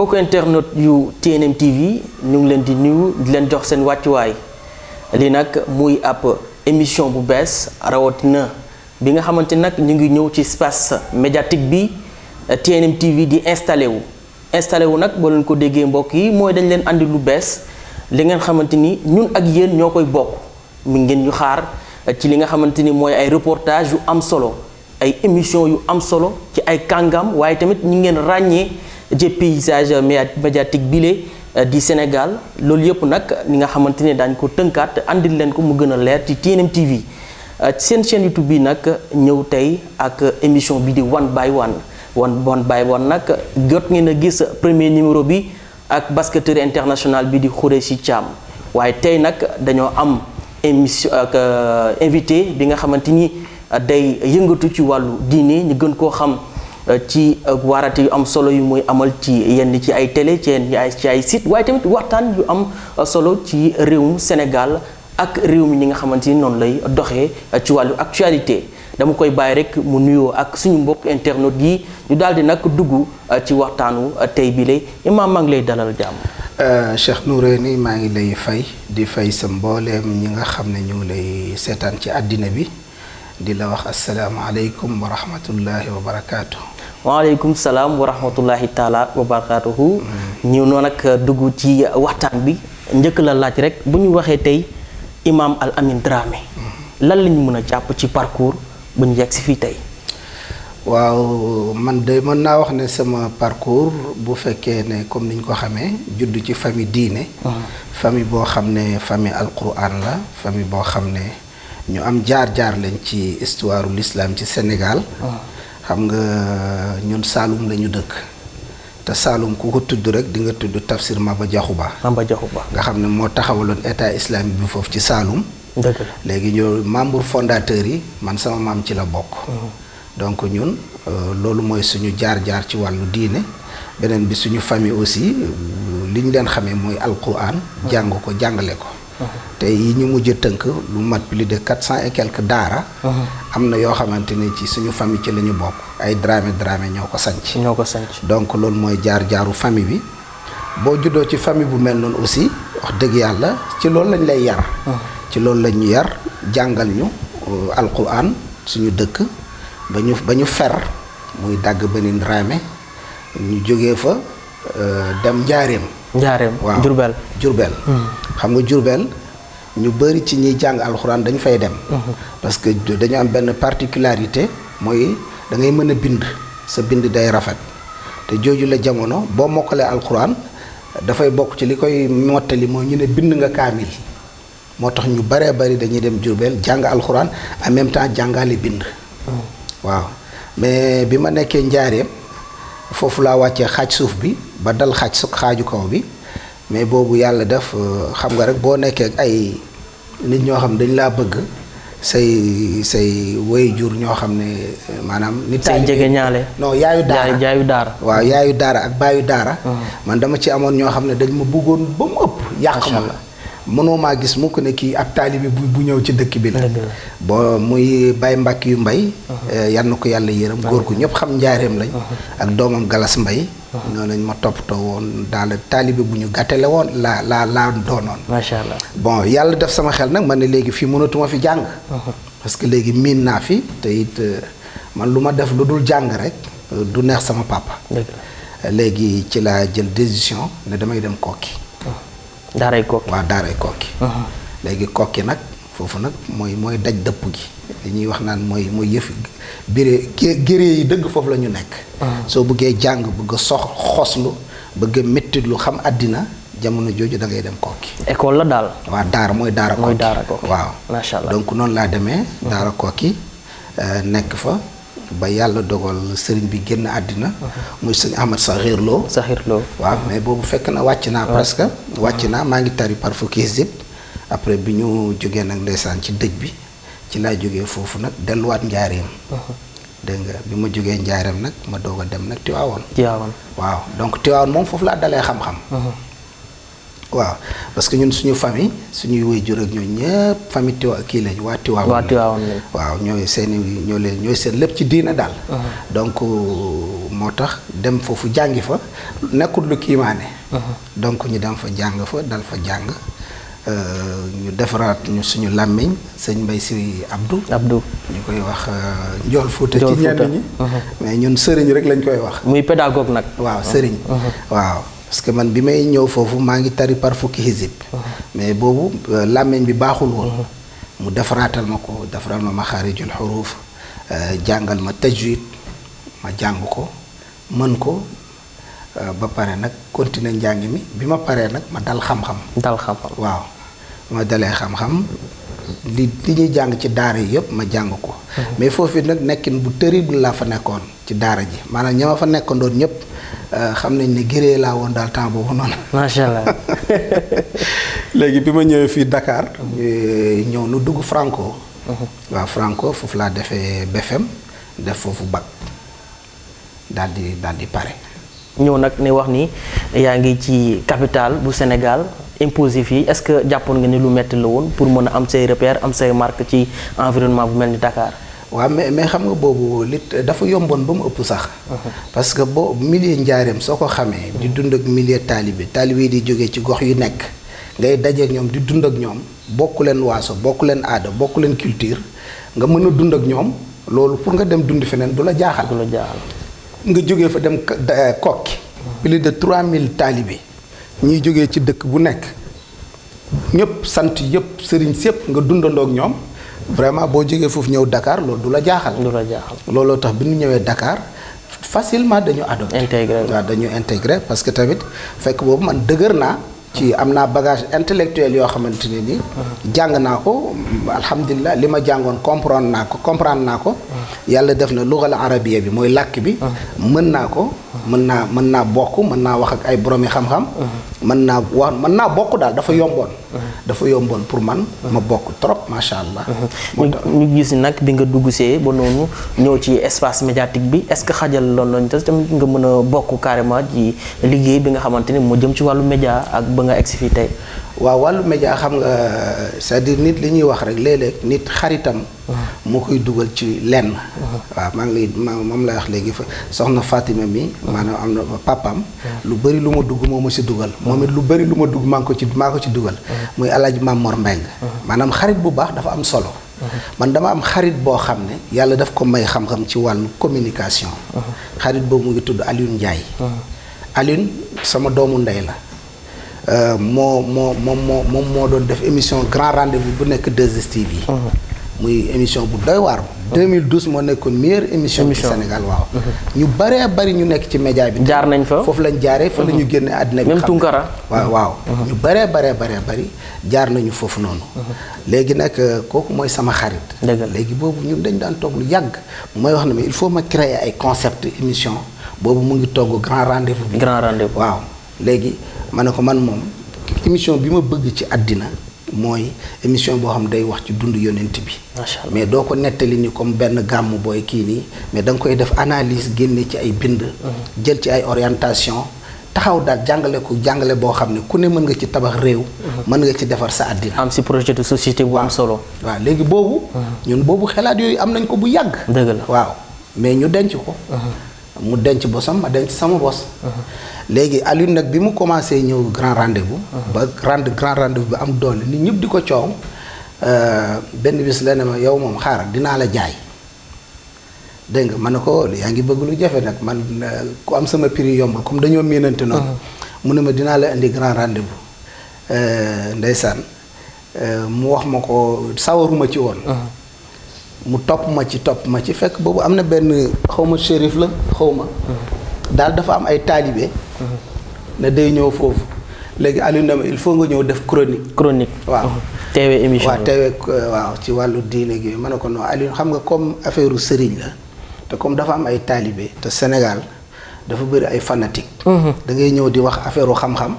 mbokk internet yu TNM TV ñu ngi leen di nuyu di leen jox seen wàccuwaay lii nag muy ab émission bu bees rawatina bi nga xamante nag ñu ngi ñëw ci espace médiatique bi TNM TV di installé wu. installé wu nag boo leen ko déggee mbokk yi mooy dañ leen andi lu bees li ngeen xamante ni ñun ak yéen ñoo koy bokk mi ngeen ñu xaar ci li nga xamante ni mooy ay reportage yu am solo ay émission yu am solo ci ay kàngam waaye tamit ñu ngeen ràññee. dépaysage médiatique bile euh, di Sénégal loolu yëpp nag ni nga xamante ne daañu ko tënkaat andil leen ko mu gën a leer ci TNM TV euh, seen chaîne YouTube bi nag ñëw tey ak émission bi di one by one one one by one nag jot ngeen a gis premier numéro bi ak basketteur international bi di xure ci Thiam waaye tey nag dañoo am émission ak euh, invité bi nga xamante ni day yëngatu ci wàllu diine ñu gën koo xam. ci waarate yu am solo yu muy amal ci yenn ci ay télé ci yenn ci ay site waaye tamit waxtaan yu am solo ci réewum Sénégal ak réew mi ñi nga xamante ni noonu lay doxe ci wàllu actualité dama koy bàyyi rek mu nuyoo ak suñu mbokk internet yi ñu daal di nag dugg ci waxtaanu tey bi lay imaam maa ngi lay dalal jàmm. Euh, Cheikh Noureyni maa ngi lay fay di fay sa mbooleem ñi nga xam ne ñu lay seetaan ci àddina bi di la wax asalaamaaleykum wa rahmatullahi wa barakaatu. waaleykum salaam wa rahmatullahi taala wa barakaatuhu ñëw noonu nag dugg ci waxtaan bi njëkk la laaj rek bu ñu waxee tey imaam al amin Dramé lan lañu ñu mën a jàpp ci parcours bu ñu yegg si fii tey. waaw man de mën naa wax ne sama parcours bu fekkee ne comme ni ñu ko xamee judd ci famille diine. Uh-huh. famille boo xam ne famille alquran la famille boo xam ne ñu am jaar jaar lañ ci histoire lislaam ci Sénégal. Uh-huh. xam nga ñun Saalum lañu dëkk te Saalum ku ko tudd rek di nga tudd Tafsir Maba Diakhou Ba. Maba Diakhou Ba nga xam ne moo taxawaloon état islamique bi foofu ci Saalum. léegi ñoo membre fondateur yi man sama maam ci la bokk. donc ñun euh, loolu mooy suñu jaar-jaar ci wàllu diine beneen bi suñu famille aussi euh, li ñu leen xamee mooy alquran. jàng ko jàngale ko. te yi ñu mujjë teunk lu mat plus de 400 et quelques dara amna yo xamanteni ci suñu famille ci lañu bok ay drame drame ñoko sanc. ñoko sanc donc lool moy jaar jaaru famille bi bo juddo ci famille bu mel non aussi wax deug yalla ci lool lañ lay yar. ci lool lañ ñu yar jangal ñu alquran suñu dekk bañu bañu fer muy dag benin drame ñu joggé fa euh, dem njaareem. njaareem waa jurbel jurbel hmm. xam nga jurbel ñu bëri ci ñiy jàng alxuraan dañ fay dem hmm. parce que dañu am benn particularité mooy da ngay mën a bind sa bind day rafet te jooju la jamono boo mokkalee alxuraan dafay bokk ci li koy mottali mooy ñu ne bind nga kaamil moo tax ñu baree bari dañuy dem jurbel jàng alxuraan en même temps jàngaale bind hmm. waaw mais bi ma nekkee njaareem foofu laa wàccee xaj suuf bi ba dal xaaj su xaaju kaw bi mais boobu yàlla def euh, xam nga rek boo nekkee ay nit ñoo xam ne dañ laa bëgg say say way jur ñoo xam ne euh, maanaam. nit say jege ñaale. non yaayu daara yaayu daara. waaw yaayu daara ak baayu daara. man dama ci amoon ñoo xam ne dañ ma bëggoon ba mu ëpp. yàq ma la. mënoo maa gis mukk ne kii ab taalibi bu bu ñëw ci dëkk bi la bo muy Baye Mbàkk yu Mbay uh-huh. eh, yal na ko yàlla yërëm góor ko ñëpp xam njaareem lañ uh-huh. ak doomam Galas Mbay uh-huh. ñoo lañ ma toppatoo woon daal taalibi bu ñu gàttale woon laa laa laa doonoon macha allah bon yàlla def sama xel nag man ne léegi fii mënatuma fi jàng parce que léegi miin naa fi te it eh, man lu ma def lu dul jàng rek eh, du neex sama papa léegi ci laa jël décision ne damay dem kokki daaray kokki waaw daaray kokki uh-huh. léegi kokki nag foofu nag mooy mooy daj dëpp gi li ñuy wax naan mooy mooy yëfi biree géree yi dëgg foofu la ñu nekk uh-huh. soo bëggee jàng bëgg a sox xoslu bëgg a métti xam àddina jamono jooju da ngay dem kokki école la daal waaw daara mooy daara kokki waaw macha donc noonu laa demee daara kokki euh, nekk fa ba yàlla dogal sëriñ bi génn àddina muy sëñ Ahmad sa xiirloo sa xiirloo waaw mais boobu fekk na wàcc naa ah. presque wàcc naa maa ngi tari par fukki zip après bi ñu jógee nag ndeysaan ci dëj bi ci laa jógee foofu nag delluwaat njaareem uh-huh. dégg nga bi ma jógee njaareem nag ma doog a dem nag Tiwaawoon Tiwaawoon waaw donc Tiwaawoon moom foofu laa dalee xam-xam uh-huh. waaw parce que ñun suñu famille suñuy wayjur ak ñoo ñepp famille tiwa ki lañ wa tiwa wa tiwa waaw ñooy seen ñoo le ñooy seen lepp ci diina dal donc motax dem fofu jangi fa nekul lu mané donc ñu dem fa jang fa dal fa euh ñu defaraat ñu suñu lamiñ seigne mbay si abdou abdou ñukoy wax euh, njool foota ci ñenn ñi mais ñun serigne rek lañ koy wax muy pédagogue nak. waaw serigne waaw parce que man bi may ñëw fofu ma ngi tari par fukki hizib uh-huh. mais bobu euh, làmmeñ bi baxul won uh-huh. mu defaraatal mako ko ma kharijul huruf euh, jangal ma tajwid ma jang ko man ko euh, ba paré nak continuer njàng mi ma ma dal xam-xam dal xam waaw ma dalé xam-xam li li jang ci daara yépp ma jang ko uh-huh. mais fofu nak nekkine bu terrible la fa nekkone ci daara ji maanaam ña fa nekkandoon ñëpp euh, xam nañ ne géree laa woon daal temps boobu noonu. macha allah. léegi bi ma ñëwee fii dakaar ñëw nu dugg Franco. Uh-huh. waaw Franco foofu laa defee BFM def foofu bac daal di daal di pare. ñëw nag ne wax ni yaa ngi ci capitale bu Sénégal. imposé fii est-ce que jàppoon nga ni lu metti la woon pour mën a am say repère am say marque ci environnement bu mel ni dakaar waaw mais mais xam nga boobu lit dafa yomboon ba mu ëpp sax. parce que boo milieu njaareem soo ko xamee. di dund ak milieu taalibe taalibe yi di jógee ci gox yu nekk ngay daje ñoom di dund ak ñoom bokk leen waaso bokk leen aada bokk leen culture nga mën a dund ak ñoom loolu pour nga dem dund feneen du la jaaxal. du la nga jógee fa dem kokki plus de 3000 taalibe ñuy jógee ci dëkk bu nekk ñëpp sant yëpp sëriñ sépp nga dundandoo ñoom. vraiment boo jógee foofu ñëw Dakar loolu du la jaaxal. du la jaaxal looloo tax bi ñu ñëwee dakaar facilement dañu adopté. intégré waaw dañu intégré parce que tamit fekk boobu man dëgër naa. ci am naa bagage intellectuel yoo xamante ne ni. jàng naa ko alhamdulilah li ma jàngoon comprendre naa ko comprendre naa ko. yàlla def na lugal arabiya bi mooy làkk bi. mën naa ko. mën naa mën naa bokk mën naa wax ak ay boromi xam-xam. mën naa wax mën naa bokk daal dafa yomboon. dafa yomboon pour man. ma bokk trop macha allah. ñu gis nag bi nga dugg see ba noonu ñëw ci espace médiatique bi est-ce que xajal loolu lañ tamit nga mën a bokk carrément ci liggéey bi nga xamante ba nga egsi wa tey waaw wàllu média xam nga cest dire nit li ñuy wax rek léeg nit xaritam moo koy duggal ci lenn wa ma ngi mom lay wax léegi soxna Fatima mi manam am na papam lu bari lu ma dugg moo ci duggal dugal lu bari lu ma dugg mang ko ci mako ci duggal muy alaaj Mamor Mbeng manam xarit bu baax dafa am solo man dama am xarit bo xamne ne daf ko may xam-xam ci walu communication xarit bo mu ngi tuddu aliou ndjay aliou sama doomu ndey la Euh, moo moo moom moo moom moo doon def émission grand rendez bu nekk 2STV yi uh-huh. muy émission bu doy waar 2012 uh-huh. moo nekkoon meilleure émission ci Sénégal waaw uh-huh. ñu baree bëri ñu nekk ci média bi jaar nañ fa foofu lañ jaaree fa la génne àddina bi même Tunkara waaw waaw ñu bëree bëree bëree bëri jaar nañu foofu noonu léegi nag euh, kooku mooy sama xarit léegi boobu ñun dañ daan toog lu yàgg mooy wax na ma il faut ma créer ay concept émission boobu mu ngi togg grand rendez-vous bi grand rendez waaw léegi ma ne ko man moom émission bi ma bëgg ci àddina mooy émission boo xam ne day wax ci dund yonent bi mais doo ko nettali ni comme benn gàmmu booy kii nii mais danga koy def analyse génne ci ay bind mhm. jël ci ay orientation taxaw daal jàngale ko jàngale boo xam ne ku ne mën nga ci tabax réew mhm. mën nga ci defar sa àddina am si projet de société bu am solo waaw léegi boobu mhm. ñun boobu xalaat yooyu am nañ ko bu yàgg dëgg la waaw mais ñu denc ko mu denc bosam ma denc sama bos. léegi Alioune nag bi mu commencé ñëw grand rendez bu ba rend grand rendez bi am doole nit ñëpp di ko coow. Euh, benn bis la ne ma yow moom xaaral dinaa la jaay dégg nga ma ne ko yaa ngi bëgg lu jafe nag man euh, ku am sama prix yombul comme dañoo miinante noonu. Uh-huh. mu ne ma dinaa la indi grand rendez-vous. Euh, ndeysaan mu wax ma ko sawaruma ci woon. Uh-huh. mu topp ma ci topp ma ci fekk boobu am na benn xawma shérif la xaw ma daal dafa am ay taalibe ne day ñëw foofu léegi Aliou Ndame il faut nga ñëw def chronique chronique waaw mhm. teewee émission waaw teewee euh, ci wàllu diine gi ma ne ko non Aliou xam nga comme affaire sëriñ la te comme dafa am ay taalibe te Sénégal dafa bëri ay fanatique mhm. da ngay ñëw di wax affaire xam-xam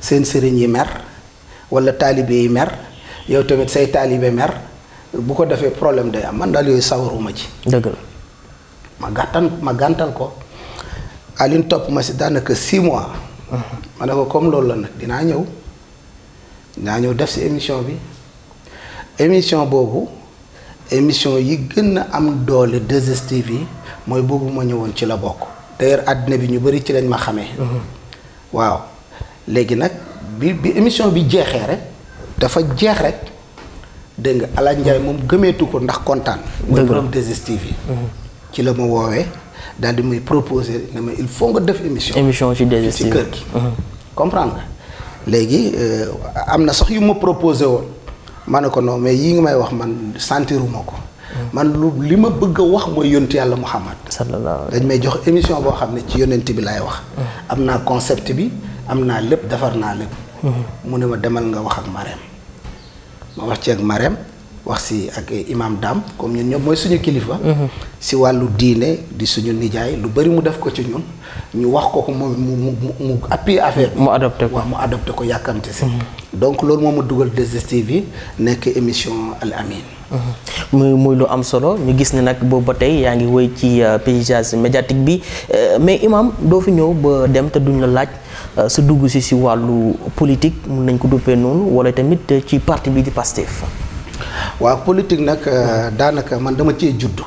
seen sëriñ yi mer wala taalibe yi mer yow tamit say taalibe mer bu ko defee problème day am man daal yooyu sawaruma ci. dëgg la ma gàttal ma gàntal ko alin topp ma si daanaka six mois. Uh-huh. ma ne ko comme loolu la nag dinaa ñëw dinaa ñëw def si émission bi émission boobu émission yi gën a am doole 2STV yi mooy boobu ma ñëwoon ci la bokk. d'ailleurs àddina bi ñu bëri ci lañ ma xamee. Uh-huh. waaw léegi nag bi bi émission bi jeexee rek dafa jeex rek. dégg nga Alaaji Njaay moom gëmeetu ko ndax kontaan. mooy borom 2 yi mhm. ci la ma woowee daal di muy proposer ne ma il faut nga def émission. émission ci 2STV ci kër gi. Mhm. Mhm. comprendre nga léegi euh, am na sox yu ma proposé woon ma ne ko non mais yii nga may wax man sentiruma ko. man lu li ma bëgg a wax mooy yontu yàlla Muhammad. sallallahu dañ may jox émission boo xam ne ci yonent bi laay wax. am naa concept bi am naa lépp defar naa lépp. mu ne ma demal nga wax ak Marème. ma wax ci ak Marème wax si ak imam Dame comme ñu ñoom mooy suñu kilifa. Mhm. si wàllu diine di suñu nijaay lu bëri mu def ko ci ñun ñu wax ko ko mu mu mu mu mu adopté ko waaw mu adopté ko yàkkamte si. Mhm. donc loolu moom mu dugal 2STV yi nekk émission Al Amine. Mhm. muy muy lu am solo ñu gis ne nag boobu ba tey yaa ngi woy ci euh, paysage médiatique bi euh, mais imam doo fi ñëw ba dem te duñ la laaj. Euh, su dugg si si wàllu politique mun nañ ko duppee noonu wala tamit ci parti bi di Pastef waaw politique nag euh, daanaka man dama cee juddu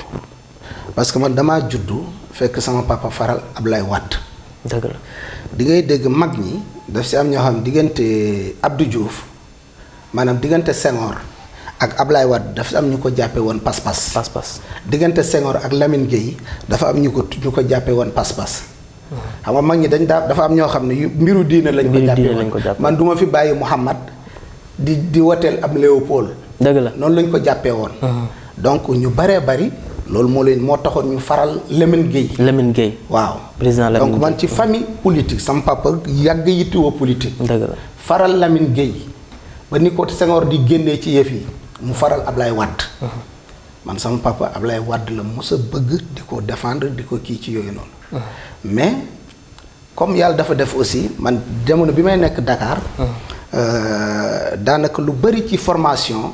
parce que man damaa juddu fekk sama papa faral Ablaye Wade. dëgg la di ngay dégg mag ñi daf si am ñoo xam diggante Abdou Diouf maanaam diggante Senghor ak Ablaye Wade daf si am ñu ko jàppee woon pas-pas. pas-pas diggante Senghor ak Lamine Gueye dafa am ñu ko ñu ko jàppee woon pas-pas. Mhm. xam nga mag ñi dañ daa dafa am ñoo xam ne mbiru diine lañ ko jàppee man duma fi bàyyi Mouhamad di di woteel am Léopold. dëgg la noonu lañ ko jappé won donc ñu bari bari. lool mo leen mo taxone ñu faral Lamine Gueye. Lamine Gueye waaw. président Lamine donc man ci famille politique sam papa yàgg yittiwoo politique. deug la faral Lamine Gueye ba ni ko Senghor di génnee ci yef yi mu faral Ablaye wad man sam papa Ablaye wad la mos bëgg diko défendre diko ki ci yooyu non mais comme yalla dafa def aussi man jamono bi may nekk Dakar. euh danaka lu bari ci formation.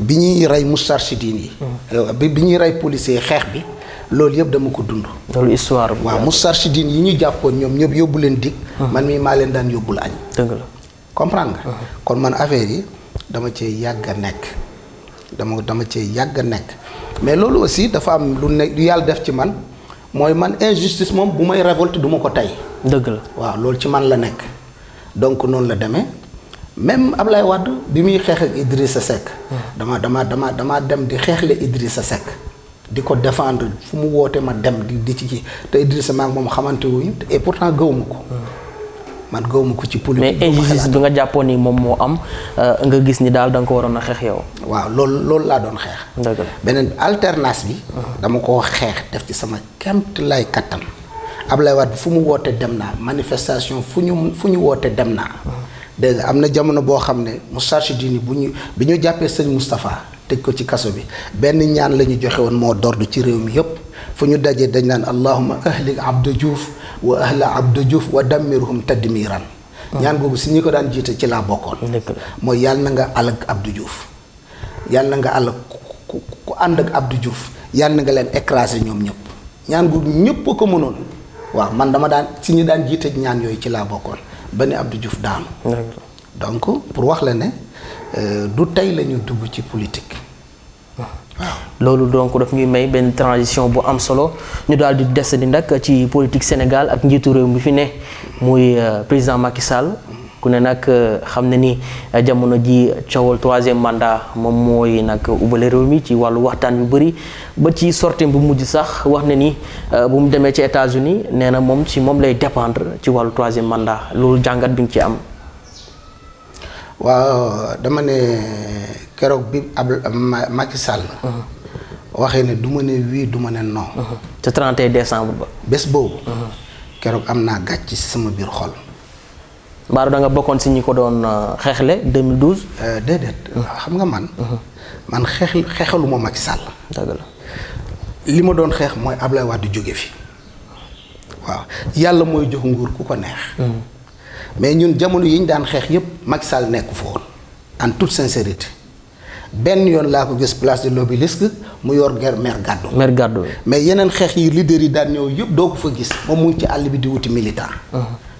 bi ñuy rey Moustarchidine yi. Hmm. Euh, bi bi ñuy rey policier xeex bi loolu yëpp dama ko dund. loolu histoire bi waaw Moustarchidine yi ñu jàppoon ñoom ñëpp yóbbu leen dig. Hmm. man mii maa leen daan yóbbul añ. dëgg la comprendre nga. Hmm. kon man affaire yi dama cee yàgg a nekk dama dama cee yàgg a nekk mais loolu aussi dafa am lu nekk lu yàlla def ci man mooy man injustice moom bu may révolte duma ko tey. dëgg la waaw loolu ci man la nekk donc noonu la demee. même Ablaye Wade bi muy xeex ak Idrissa Seck. dama dama dama dama dem di xeexle sa Seck. di ko défendre fu mu woote ma dem di di ci te Idrissa maak moom xamante wuñu et pourtant gëwuma ko. man gëwuma ko ci politique. mais injustice bi nga jàppoon ni moom moo am euh, nga gis ni daal da nga ko waroon a xeex yow. waaw loolu loolu laa doon xeex. dëgg la beneen alternance bi. dama koo xeex def ci sama kemt lay kattan. Ablaye Wade fu mu woote dem naa manifestation fu ñu fu ñu woote dem naa. dégg am na jamono boo xam ne Moustarchidine bu ñu bi ñu jàppee sëñ Moustapha tëj ko ci kaso bi benn ñaan la ñu joxe woon moo dordu ci réew mi yépp fu ñu dajee dañ naan allahuma ahlik Abdou Diouf wa ahla Abdou Diouf wa dammiruhum tadmiran ah. ñaan googu si ñu ko daan jiite ci laa bokkoon mooy yàlla na nga àll ak Abdou Diouf yàlla na nga àll ku ku ànd ak abdu juuf yàlla nga leen écrasé ñoom ñëpp ñaan googu ñëpp ko mënoon waaw man dama daan si ñu daan jiite ñaan yooyu ci laa bokkoon ba ni Abdou Diouf daanu. donc pour wax la ne euh, du tey lañu dugg ci politique. Ah. waaw loolu donc daf ñuy may benn transition bu am solo ñu daal di des di nag ci politique Sénégal ak njiitu réew mi fi ne muy euh, président Macky ku ne nag euh, xam ne ni euh, jamono ji coowal troisième mandat moom mooy nag ubale réew mi ci wàllu waxtaan yu bëri ba ci sortie bu mujj sax wax ne ni euh, bu mu demee ci États-Unis nee na moom ci moom lay dépendre ci wàllu troisième mandat loolu jàngat bi ñu ci am. waaw dama ne keroog bi ab Macky Sall. Uh-huh. waxee ne du ma ne oui du ma ne non. Uh-huh. te 31 décembre ba. bés boobu. Uh-huh. keroog am naa gàcc ci sama biir xol. mbaaru danga nga bokkoon si ñi ko doon euh, xeexle 2012. Euh, déedéet xam nga man. man xeex xeexalu ma Macky Sall. dëgg li ma doon xeex mooy Ablaye Wade jóge fi waaw yàlla mooy jóg nguur ku ko neex. Hmm. mais ñun jamono yi ñu daan xeex yëpp mag Sall nekku fa woon en toute sincérité benn yoon laa ko gis place de l'Obélisque mu yor ger maire gàddu. maire gàddu mais yeneen xeex yi leader yi daan ñëw yëpp doo ko fa gis moom mu ci àll bi di wuti militant. Hmm.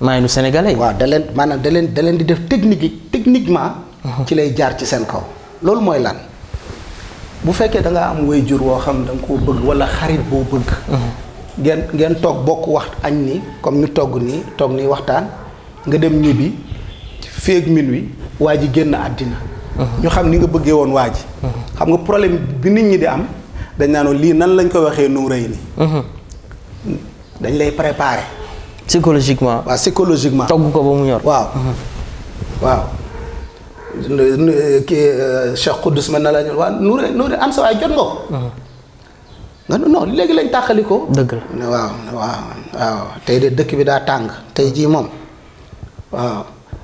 maayanu sénégalais waaw da leen maanaam da leen da di def technique techniquement. Uh-huh. ci lay jaar ci seen kaw. loolu mooy lan bu fekkee da ngaa am jur woo xam da nga koo bëgg walla xarit boo bëgg. Uh-huh. ngeen ngeen toog bokk wax añ ni comme ñu togg nii toog nii waxtaan nga dem ñibbi féeg minuit waa ji génn àddina. Uh-huh. ñu xam ni nga bëggee woon waa ji. xam nga problème bi nit ñi di am dañ naanoon lii nan lañ ko waxee nu rëy nii. dañ lay préparer. psychologiquement. waaw psychologiquement. togg ko ba mu ñor. waaw mhm. waaw. kii euh, Cheikh Koudous na la ñu waa Nouré am sa jot nga ko. Mhm. nga non léegi lañ tàqali dëgg la waaw waaw waaw tey de dëkk bi daa tàng tey jii moom waaw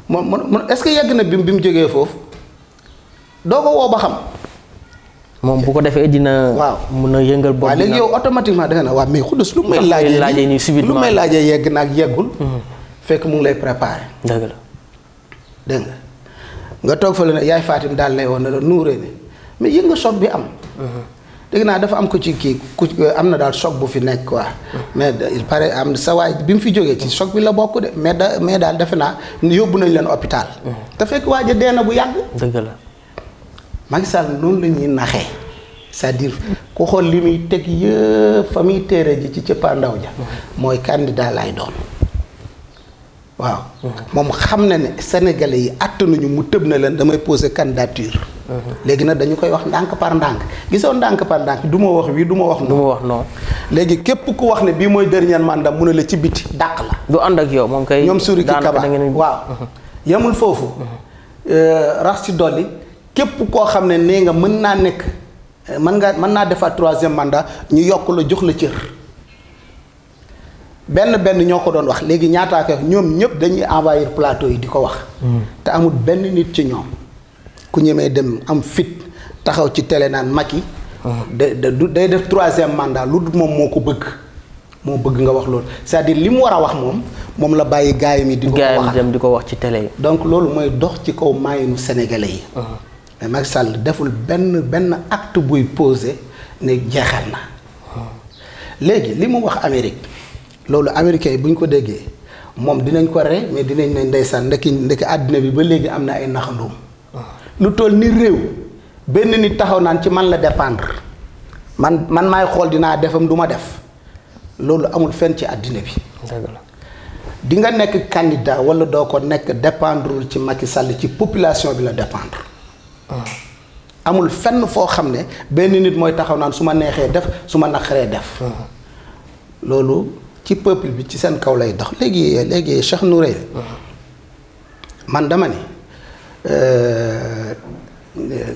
moom est-ce que yegg na bi mu bi mu jógee foofu doo ko woo xam. moom bu ko defee dina. waaw mun na yëngal bopp. waaw da nga ne waaw mais Xudus lu may. laajee nii subitement lu may laajee yegg naag yeggul. Mhm. fekk mu ngi lay préparé. dëgg la. nga nga toog fa la ne yaay Fatim daal lay woon ne la nuuree ne mais yëg nga bi am. Mhm. dëgg naa dafa am ko ci kii ku am na daal soog bu fi nekk quoi. Mhm. mais il paraît am sa waay bi mu fi jógee ci choc bi la bokk de mais da mais daal defe naa yóbbu nañ leen hôpital. te fekk waaj a dee na bu yàgg. dëgg la. Macky Sall noonu la ñuy naxee c'est-à-dire ku xool li muy teg yëpp fa muy téere ji ci cëppaandaw ja mooy candidat lay doon waaw moom xam ne ne sénégalais yi attanuñu mu tëb na leen damay poser candidature léegi nag dañu koy wax ndànk par ndànk gisoo ndànk par ndànk du ma wax wii du ma wax du ma wax non léegi képp ku wax ne bii mooy dernier mandat mu ne la ci biti dàq la du ànd ak yow moom kay ñoom suri ki kaba waaw mhm. yemul foofu mhm. euh, rax ci dolli képp koo xam ne nee nga mën naa nekk euh, man nga mën naa defaat troisième mandat ñu yokk la jox la cër benn benn ñoo ko doon wax léegi ñaataa ko ñoom ñëpp dañuy envahir plateau yi di ko wax. Hmm. te amul benn nit ci ñoom ku ñemee dem am fit taxaw ci télé naan mag Macky. Hmm. day day def troisième mandat lu dul moom moo ko bëgg. moo bëgg nga wax loolu cest à li mu war a wax moom moom la bàyyi gaayam yi di ko wax gaayam di ko wax ci tele yi. donc loolu mooy dox ci kaw maayinu sénégalais yi. Hmm. mais Macky Sall deful benn benn acte buy posé ne jeexal na léegi li mu wax Amérique loolu américain yi bu ñu ko déggee moom dinañ ko rey mais dinañ ne ndeysaan ndekki ndekki àddina bi ba léegi am na ay naxandoom lu toll ni réew benn nit taxaw naan ci man la dépendre man man maay xool dinaa defam du ma def loolu amul fenn ci àddina bi di nga nekk candidat wala doo ko nekk dépendrewul ci Macky Sall ci population bi la dépendre Ah. amul fenn foo xam ne benn nit mooy taxaw naan su ma neexee def su ma naqaree def. Ah. loolu ci peuple bi ci seen kaw lay dox léegi léegi Cheikh Nouré. man dama ni euh,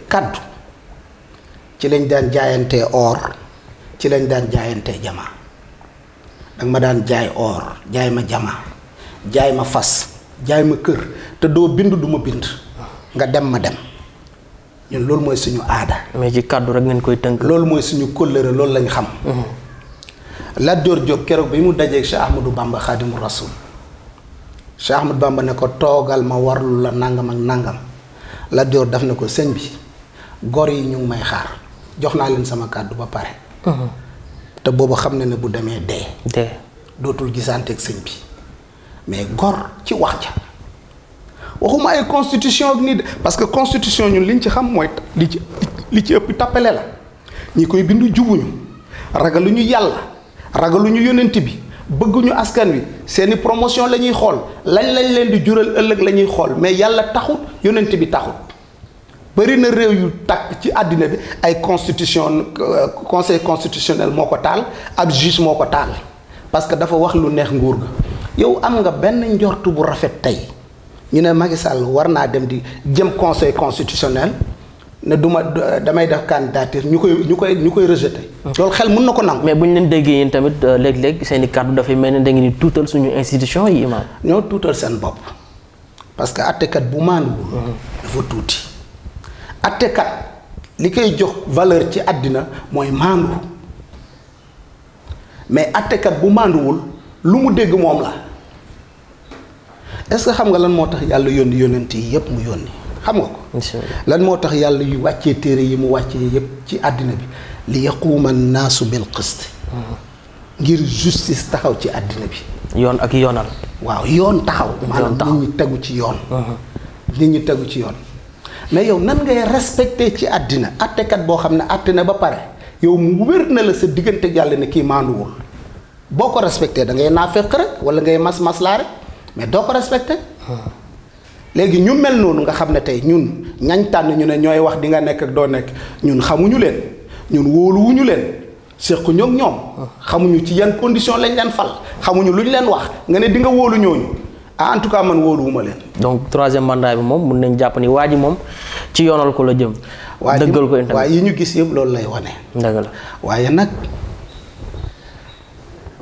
kàddu ci lañ daan jaayantee or ci lañ daan jaayantee jama danga ma daan jaay or jaay ma jama jaay ma fas jaay ma kër te doo bind duma ma bind nga dem ma dem. ñun loolu mooy suñu aada. mais ci kàddu rek ngeen koy tënk. loolu mooy suñu kóllëre loolu lañ xam. Mm-hmm. Lat Dior Diop keroog bi mu dajeeg Cheikh Ahmadou Bamba Khadimu Rasoul Cheikh Ahmadou Bamba ne ko toogal ma warlu la nangam ak nangam Lat Dior daf na ko sëñ bi gor yi ñu may xaar jox naa leen sama kàddu ba pare. Mm-hmm. te boobu xam na ne bu demee dee. dee dootul gisaanteeg sëñ bi mais gor ci wax ja waxuma ay constitution parce que constitution ñun liñ ci xam mooy li ci li ci ëpp la ñi koy bindu jubuñu ragaluñu yàlla ragaluñu yonent bi bëgguñu askan wi seeni promotion la ñuy lañ lañ leen di jural mais yàlla taxut yonent bi taxut na réew yu ci àddina bi ay constitution conseil constitutionnel moo ko taal ab juge moo taal parce que dafa wax lu neex nguur ga yow am nga bu rafet ñu ne Macky Sall war naa dem di jëm conseil constitutionnel ne du ma damay def candidature ñu koy ñu koy ñu koy rejeté. loolu xel mun na ko nangu. mais bu ñu leen déggee yéen tamit euh, léeg-léeg seen kàddu dafay mel ne da ngeen di tuutal suñu institution yi imaam. ñoo tuutal seen bopp parce que àttekat bu maanuwul. Mhm. dafa tuuti. àttekat li koy jox valeur ci àddina mooy maandu mais àttekat bu maanduwul lu mu dégg moom la. est-ce que xam nga lan moo tax yàlla yónni yónnent yi yëpp mu yónni xam nga ko lan moo tax yàlla yu wàccee téere yi mu wàccee yëpp ci àddina bi li yaquuma naasu bil qist mm-hmm. ngir justice taxaw ci àddina bi yoon ak yoonal waaw yoon taxaw maanaam nit ñi tegu ci yoon mm-hmm. nit ñi tegu ci yoon mais yow nan ngay respecté ci àddina attekat boo xam ne atte na ba pare yow mu wér na la sa diggante yàlla ne kii maanduwul boo ko respecté da ngay naafeq rek wala ngay mas-maslaa mais doo ko respecté. léegi ñu mel noonu nga xam ne tey ñun ñañ tànn ñu ne ñooy wax di nga nekk ak doo nekk ñun xamuñu leen ñun wóoluwuñu leen seq ñoog ñoom. xamuñu ci yan condition lañ leen fal xamuñu lu luñ leen wax nga ne di nga wóolu ñooñu ah en tout cas man wóoluwuma leen. donc troisième mandat bi moom mun nañ jàpp ni waa ji moom ci yoonal ko la jëm. dëggal ko itam waaye yi ñu gis yëpp loolu lay wane. dëgg la waaye nag.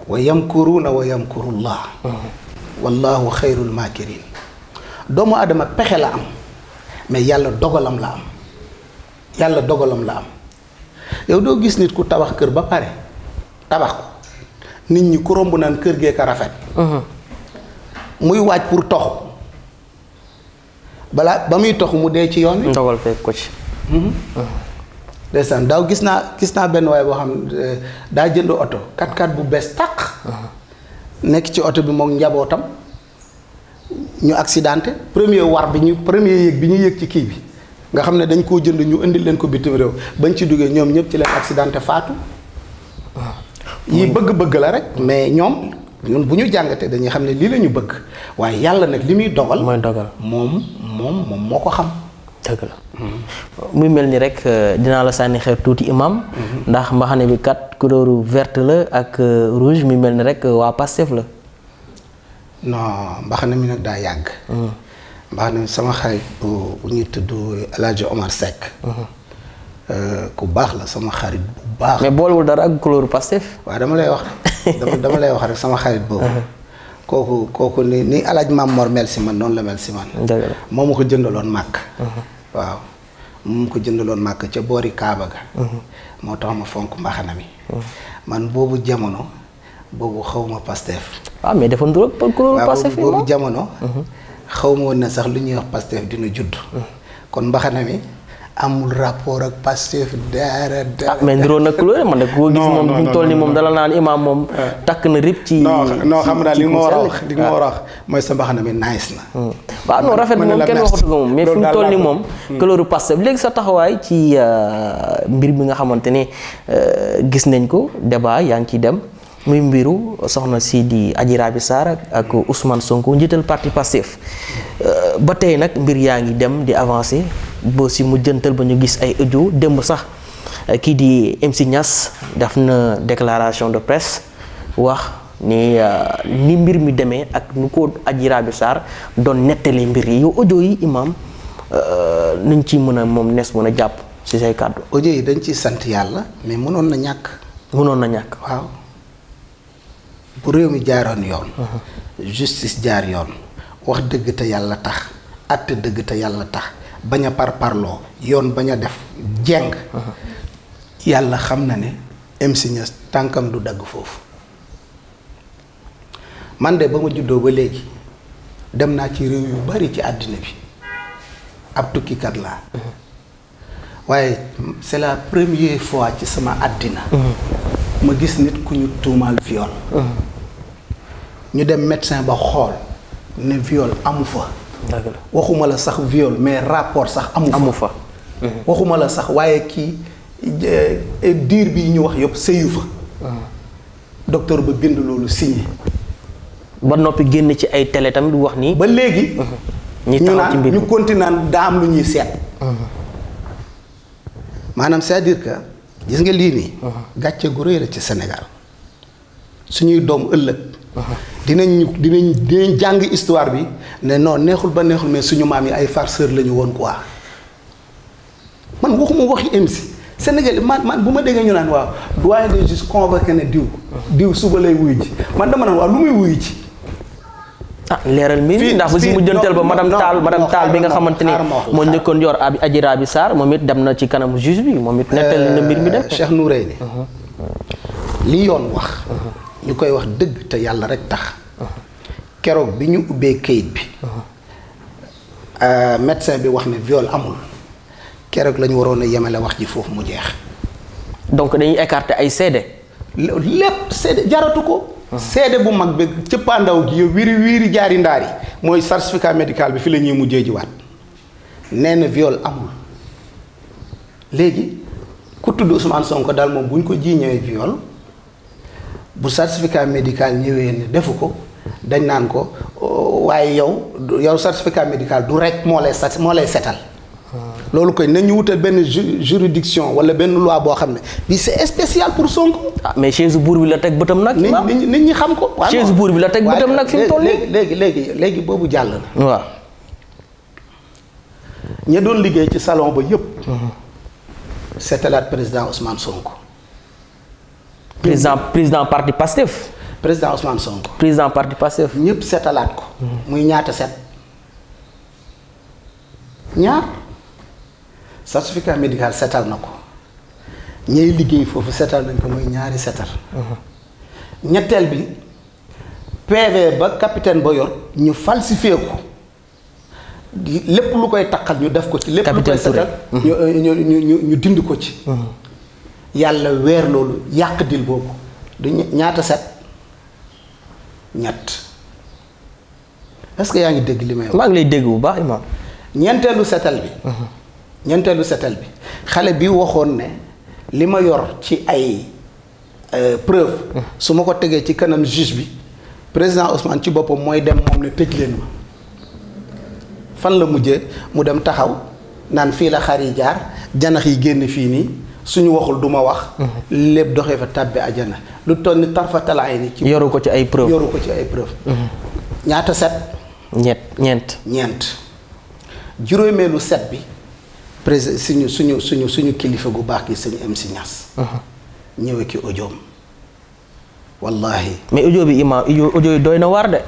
wa yamkuruuna wa yamkurullah wallahu xayrul maakirin doomu adama pexe la am mais yàlla dogalam la am yàlla dogalam la am yow doo gis nit ku tabax kër ba pare tabax ko nit ñi ku romb naan kër gee ko rafet mhm. muy waaj pour toxu balaa ba muy tox mu dee ci yoon wi dogal fekk ko ci mhm. Mhm. ndeysaan daaw gis naa gis naa benn waay boo xam eh, daa jënd oto 4 x bu bees tàq nekk ci oto bi moom njabootam ñu accidenté premier war bi ñu premier yéeg bi ñu yéeg ci kii bi nga xam ne dañ koo jënd ñu indil leen ko bitim réew bañ ci duggee ñoom ñëpp ci leen accidenté faatu yi ah. bëgg-bëgg la rek mais ñoom ñun bu ñu jàngatee dañuy xam ne lii la ñu bëgg waaye yàlla nag li muy dogal mooy dogal moom moom moom moo ko xam dëgg muy mel ni rek euh, dinaa la sànni xeer tuuti imam ndax mbaxane bi kat couleur verte la ak euh, rouge muy mel ni rek euh, waa Pastef la non mbaxane mi nag daa yàgg hmm. mbaxane mi sama xarit bu bu ñuy hmm. baax la sama xarit bu baax mais boolewul dara ak couleur Pastef waa dama lay wax dama dama lay wax rek sama xarit boobu hmm. kooku kooku ni ni alaaj maam Mor mel si man noonu la mel si man moo ma ko jëndaloon màkk waaw mu ko jëndaloon màkk ca boori Kaaba ga. Mhm. moo tax ma fonk mbaxana mi. Mhm. man boobu jamono boobu xaw ma waaw ah, mais dafa ndur ak kuréelu boobu jamono. Mhm. xaw woon ne sax lu ñuy wax Pastef dina judd. kon mbaxana amul rapport ak pasteur dara dara. ah mais ndiroo nak loolu ya, man nag ko gis mom bu tolni mom dala nan imam mom eh. tak na rip ci non xam na li mo wax di mo wax moy sa mbaxana mi nice na. ba hmm. no rafet mom ken waxu ko mom mais fi tolni mom nii moom. Hmm. këlooru Pastef léegi sa taxaway ci euh, mbir bi nga xamanteni euh, gis nañ ko débat yang ci dem. muy mbiru soxna sidi di Adji rabi sar ak Ousmane Sonko njital parti passif euh, ba tay nak mbir yaangi dem di avancer. ba si mu jëntal ba ñu gis ay audio démb sax eh, kii di MC Niass def na déclaration de presse wax ni eh, ni mbir mi demee ak nu ko Adji Raby Sarr doon nettali mbir yi yow audio yi imam eh, nuñ ci mën a moom nees mën a jàpp si say kàddu. audio yi dañ ciy sant yàlla mais mënoon na ñàkk. mënoon na ñàkk. waaw bu réew mi jaaroon yoon. Uh-huh. justice jaar yoon. wax dëgg te yàlla tax. àtte dëgg te yàlla tax. bañ a par parloo yoon bañ a def jeng yàlla xam na ne MC tànkam du dagg foofu man de ba ma juddoo ba léegi dem naa ci réew yu bari ci àddina bi ab tukkikat laa waaye c'est la première fois ci sama àddina ma gis nit ku ñu tuumaal viol ñu dem médecin ba xool ne viol amu fa waxuma la sax viol mais rapport sax amu fa mhm. waxuma la sax waaye kii eh, diir bi ñu wax yëpp sëyu fa mhm. docteur ba bind loolu signé ba noppi génn ci ay télé tamit wax nii ba léegi mhm. ñu taxaw ñu continuer daa am lu ñuy seet maanaam c'est-à-dire gis nga lii nii gàcce gu rëy la ci senegal suñuy doom ëllëg. dinañ dinañ dinañ jàng histoire bi ne noonu neexul ba neexul mais suñu maam yi ay farceur la ñu woon quoi man waxuma waxi MC Sénégal man man bu ma déggee ñu naan waaw doyen de ne diw. diw suba lay wuyu man dama naan waaw lu muy wuyu ji. ah leeral mi ndax ba si mujjantal ba madame Tall madame taal bi nga xamante ni moo nekkoon yor ab Adji Raby Sarr moom it dem na ci kanamu juge bi moom it nettali na mbir mi dem. Euh, Cheikh Noureyni li yoon wax. ñu koy wax dëgg te yàlla rek tax keroog bi ñu ubbee kayit bi euh, médecin bi wax ne viol amul keroog lañu waroon a yemale wax ji foofu mu jeex donc dañuy écarter ay seede lépp seede jaratu ko seede bu mag bi cëppaandaw gi yow wiiri wiiri jaari ndaar yi mooy certificat médical bi fi la ñuy mujjee jiwaat nee na viol amul léegi ku tudd Ousmane Sonko daal moom bu ñu ko jiiñee viol bu certificat médical ñëwee ne defuko dañ nan ko waaye yow yow certificat médical du rek moo lay sat moo lay setal ah. loolu koy nañu wutal ben juridiction wala ben loi bo xamné bi c'est spécial pour Sonko. Ah, mais chez bour bi la tek bëtam nak nit ñi ñi xam ko. chez bour bi la tek bëtam nak fi mu légui légui légui léegi léegi boobu jàll na. waaw. ña doon liggéey ci salon ba yëpp. seetalaat président Ousmane Sonko. président président parti Pastef. président Ousmane Sonko. président parti Pastef. ñëpp setalaat ko. muy ñaata set. ñaar certificat médical setal na ko ñiy liggéey foofu setal nañ ko muy ñaari setal. Uh-huh. ñetteel bi PV ba capitaine ba yor ñu falsifié lépp lu koy takkal ñu def ko ci. lépp lu koy setal uh-huh. ñu ñu ñu ñu dindi ko ci. Uh-huh. yàlla weer loolu yàq dil boobu du ñaata set ñett est-ce que yaa ngi dégg li may wax. maa ngi lay dégg bu baax Imaam. ñeenteelu setal bi. Mhm. ñeenteelu setal bi xale bi waxoon ne li ma yor ci ay euh, preuve mhm. su ma ko tegee ci kanam juge bi président Ousmane ci boppam mooy dem moom ne tëj leen ma fan la mujjee mu dem taxaw naan fii la xar yi jaar janax yi génn fii nii. suñu waxul du ma wax. Mhm. lépp doxee fa tàbbi àjjana lu toll ni tarfatal ay ci yoru ko ci ay preuve yoru ko ci ay preuve. Mhm. ñaata set. ñett ñeent. ñeent juróomeelu set bi président suñu suñu suñu suñu kilifa gu baax gi suñu MC Niass. Mhm. ñëwee ki audioom wallaahi. mais audio bi imaam audio yi doy na waar de.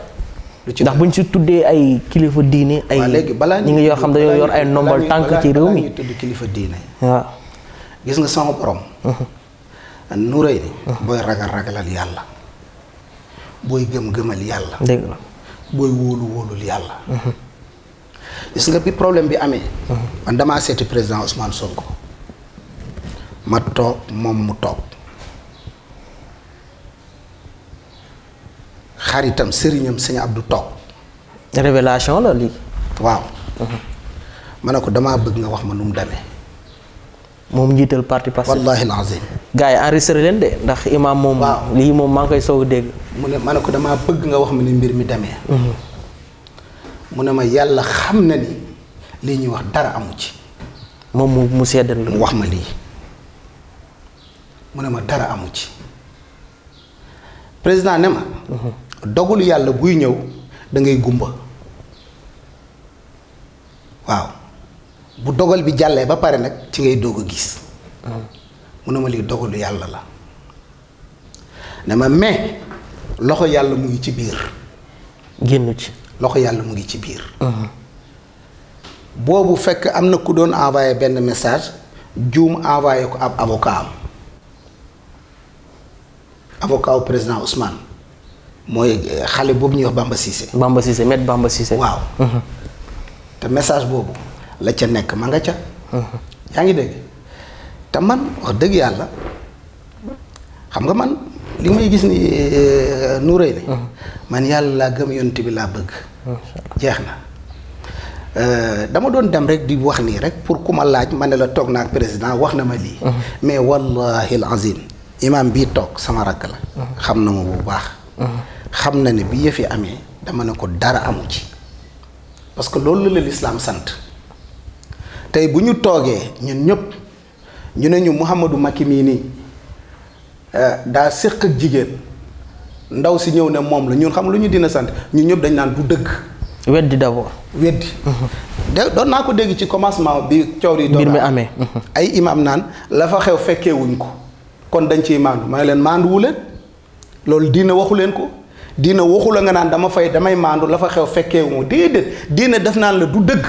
ndax bu ñu si tuddee ay kilifa diine ay. léegi balaa ñi ngi yoo xam dañoo yor ay ndombal tànk ci réew mi gis nga sama borom uh-huh. nu rëy de boy ragal ragalal yalla boy gem gemal yalla deug la booy wolu wóolul yàlla uh-huh. gis nga bi problème bi amé uh-huh. man dama sété président Ousmane Sonko ma top mom mu top xaritam serignam seigne Abdou top révélation la li waaw bëgg nga wax ma num moom njiital parti Pastef. wallaahi alazim. gars yi enregistré leen de ndax imaam moom. waaw moom maa ngi koy soog a dégg. mu ne ma ne ko damaa bëgg nga wax ma ni mbir mi demee. Mhm. mu ne ma yàlla xam na ni lii ñuy wax dara amu ci. moom mu mu seddal mu wax ma lii. mu ne ma dara amu ci. président ne ma. Mhm. dogalu yàlla buy ñëw da gumba waaw. bu dogal bi jàllee ba pare nag ci ngay doog a gis mu ne ma lii dogalu yàlla la ne ma mais loxo yàlla mu ngi ci biir génn ci loxo yàlla mu ngi ci biir uh-huh. boobu fekk am na ku doon envoyé benn message juum envoyé ko ab avocat am président Ousmane mooy xale boobu ñuy wax Bamba Cissé Bamba Cissé maître waaw uh-huh. te message boobu la ca nek ma nga ca ya ngi deg ta man wax deug yalla xam nga man li gis ni euh, reey ni uh-huh. man yalla gëm bi la bëgg jeexna euh dama doon dem rek di wax ni rek pour kuma laaj ma la tok nak président wax na ma li uh-huh. mais wallahi al azim imam bi tok sama rak la uh-huh. xam na mo bu baax xam na ni bi yefi amé dama na ko dara amu ci parce que loolu l'islam sant tey bu ñu toogee ñun ñëpp ñu ne ñu Mouhamadou Macky mii nii eh, daa séq ak jigéen ndaw si ñëw ne moom la ñun xam lu ñu dina sant ñun ñëpp dañ naan du dëgg. weddi d'abord. weddi. de doon naa ko dégg ci commencement bi coow yi. mbir mi amee ay naan la fa xew fekkee ko kon dañ ciy maandu ma leen maanduwu leen loolu diina waxu leen ko. diina waxu la nga naan dama fay damay maandu la fa xew fekkee wu déedéet diina def naan la du dëgg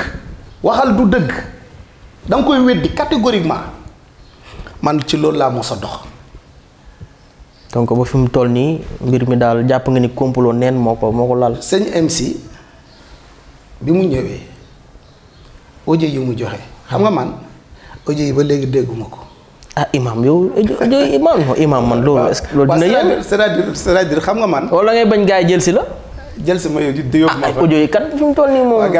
waxal du dëgg. da nga koy weddi catégoriquement man ci loolu laa mos a dox. donc ba fi mu toll nii mbir mi daal jàpp nga ni complot neen moo ko moo ko laal sëñ MC bi mu ñëwee audio yi mu joxe xam nga man audio yi ba léegi dégguma ko. ah imaam yow audio yi imaam man loolu. est-ce que loolu dina yàgg cest à xam nga man. wala bañ gaa jël si la. jël si ma yow di yóbbu ma ah, fa ah audio yi kat fi mu toll nii moom.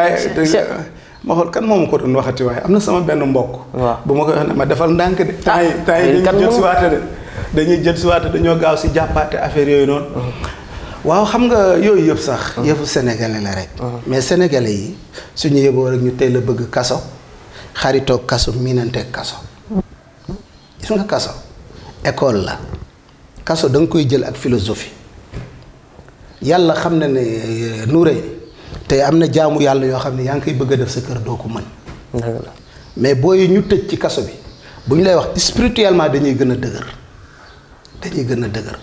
ma xool kan moomu ko doon waxati waaye am na sama benn mbokk. waaw bu ma defal ndànk de. Ah, temps dañuy jël si dañoo gaaw si jàppaate affaire yooyu noonu. Uh-huh. waaw xam nga yooyu yëpp sax. Uh-huh. yëfu sénégalais la rek. Uh-huh. mais sénégalais yi suñu yëgoo rek ñu teel a bëgg kaso xaritoo kaso miinanteeg kaso. gis nga kaso école la kaso danga koy jël ak philosophie yàlla xam na ne euh, nuuree. tey am na jaamu yàlla yoo xam ne yaa ngi koy bëgg a def sa kër doo ko mën. mais booy ñu tëj ci kaso bi bu ñu lay wax spirituellement dañuy gën a dëgër dañuy gën a dëgër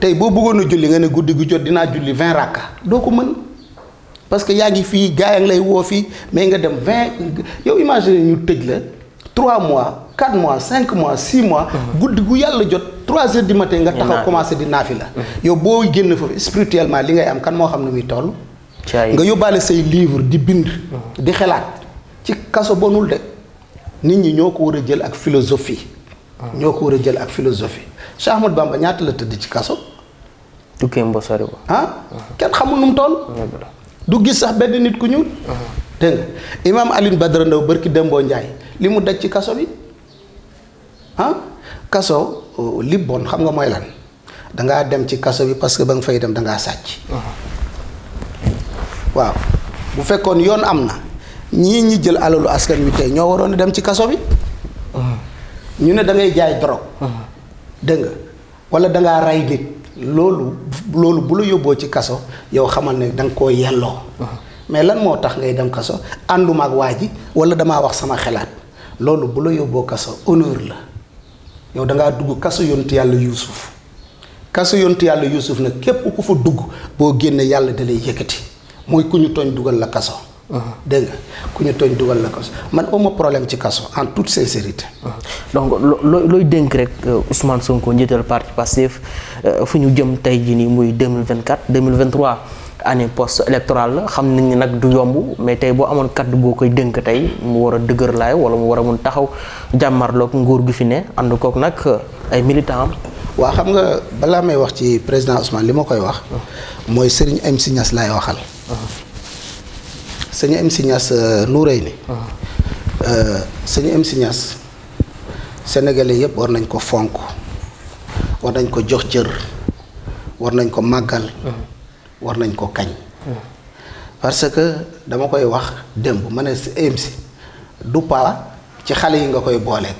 tey boo bëggoon a julli nga ne guddi gu jot dinaa julli vingt rakka doo ko mën parce que yaa ngi fii gaa ngi lay woo fii mais nga dem vingt yow imagine ñu tëj la trois mois quatre mois cinq mois six mois. Mhm. guddi gu yàlla jot trois heures du matin. nga taxaw commencé di naafi la. yow boo génn foofu spirituellement li ngay am kan moo xam ne muy toll. nga yóbbaale say livre di bind. Mm-hmm. di xelaat ci kaso bonul de nit ñi ñoo ko war a jël ak philosophie. Mm-hmm. ñoo ko war a jël ak philosophie. Cheikh Ahmad Bamba ñaata la tëdd ci kaso. tukkee ko. ah mm-hmm. kenn xamul nu mu toll. du gis sax benn nit ku ñuul. dégg nga imaam Alioune Badara Ndao barki Dembo Ndiaye li mu daj ci kaso bi ah? kaso euh, li bon xam nga mooy lan dangaa dem ci kaso bi parce que ba nga fay dem dangaa sàcc. waaw bu fekkoon yoon am na ñii ñi jël alalu askan wi tey ñoo waroon a dem ci kaso bi uh-huh. ñu ne da ngay jaay drogue uh-huh. dégg nga wala da ngaa rey nit loolu loolu bu la yóbboo ci kaso yow xamal ne da nga koo yelloo uh-huh. mais lan moo tax ngay dem kaso ànduma ak waa ji wala damaa wax sama xelaat loolu bu la yóbboo kaso honneur la yow da ngaa dugg kaso yontu yàlla yuusuf kaso yontu yàlla yuusuf na képp ku fa dugg boo génne yàlla da lay yëkkati moy kuñu togn dugal la kasso uh-huh. deug kuñu togn dugal la kasso man awma problème ci kasso en toute sincérité uh-huh. donc loy denk rek euh, Ousmane Sonko njiital parti passif euh, fuñu jëm tay ji ni moy 2024 2023 année post électorale xam nañ ni nak du yomb mais tay bo amone kaddu bokay koy tay mu wara a lay wala mu wara mu taxaw jamar lok nguur gi fi ne ànd kok nak euh, ay militant am xam nga bala may wax ci président Ousmane limakoy wax uh-huh. moy Serigne MC Niass lay waxal Ah. sëñ MC Niass euh, Nouréyni ah. euh, sëñ MC Niass sénégalais yëpp war nañ ko fonk war nañ ko jox cër war nañ ko màggal ah. war nañ ko kañ parce que dama koy wax démb ma ne MC du pa ci xale yi nga koy booleeg